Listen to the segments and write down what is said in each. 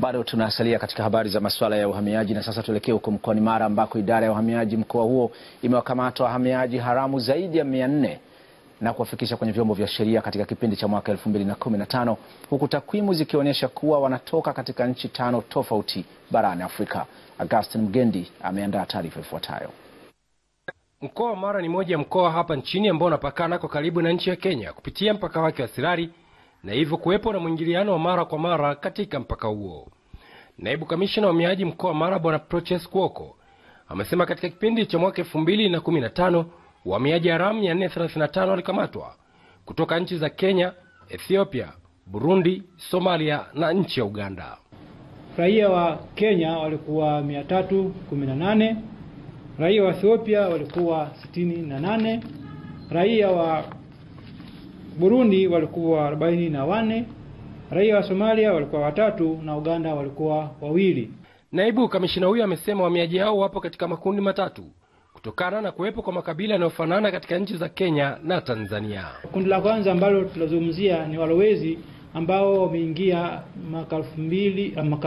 Bado tunasalia katika habari za masuala ya uhamiaji na sasa tuelekee huko mkoani Mara ambako idara ya uhamiaji mkoa huo imewakamata wahamiaji haramu zaidi ya mia nne na kuwafikisha kwenye vyombo vya sheria katika kipindi cha mwaka 2015 huku takwimu zikionyesha kuwa wanatoka katika nchi tano tofauti barani Afrika. Augustin Mgendi ameandaa taarifa ifuatayo. Mkoa wa Mara ni moja ya mkoa hapa nchini ambao unapakana kwa karibu na nchi ya Kenya kupitia mpaka wake wa Sirari na hivyo kuwepo na mwingiliano wa mara kwa mara katika mpaka huo. Naibu kamishina wa miaji mkoa wa Mara Bwana Proches Kuoko amesema katika kipindi cha mwaka 2015 wahamiaji haramu 435 walikamatwa kutoka nchi za Kenya, Ethiopia, Burundi, Somalia na nchi ya Uganda. Raia wa Kenya walikuwa 318, raia wa Ethiopia walikuwa 68, raia wa Burundi walikuwa arobaini na wane, raia wa Somalia walikuwa watatu na Uganda walikuwa wawili. Naibu kamishina huyo amesema wahamiaji hao wapo katika makundi matatu kutokana na kuwepo kwa makabila yanayofanana katika nchi za Kenya na Tanzania. Kundi la kwanza ambalo tunazungumzia ni walowezi ambao wameingia mwaka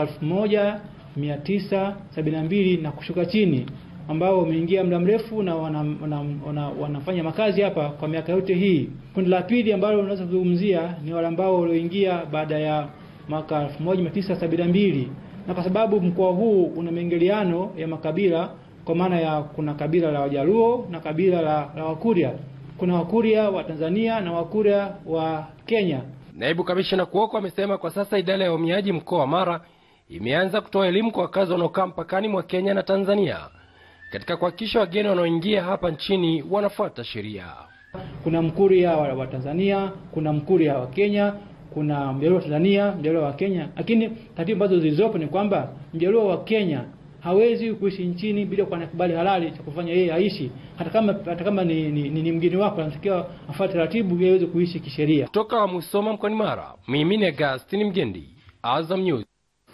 elfu moja mia tisa sabini na mbili na kushuka chini ambao wameingia muda mrefu na wana, wana, wana, wanafanya makazi hapa kwa miaka yote hii. Kundi la pili ambalo unaweza kuzungumzia ni wale ambao walioingia baada ya mwaka 1972 na kwa sababu mkoa huu una maingiliano ya makabila, kwa maana ya kuna kabila la Wajaluo na kabila la, la Wakurya. Kuna Wakurya wa Tanzania na Wakurya wa Kenya. Naibu kamishina Kuoko amesema kwa sasa idara ya uhamiaji mkoa wa Mara imeanza kutoa elimu kwa wakazi wanaokaa mpakani mwa Kenya na Tanzania katika kuhakikisha wageni wanaoingia hapa nchini wanafuata sheria. Kuna mkuria wa Tanzania, kuna mkuria wa Kenya, kuna mjaluo wa Tanzania, mjaluo wa Kenya, lakini taratibu ambazo zilizopo ni kwamba mjaluo wa Kenya hawezi kuishi nchini bila kuwa na kibali halali cha kufanya yeye aishi, hata kama hata kama ni, ni, ni, ni mgeni wako, anatakiwa afuate taratibu ili aweze kuishi kisheria. Kutoka Musoma mkoani Mara, mimi ni Agustine Mgendi, Azam News.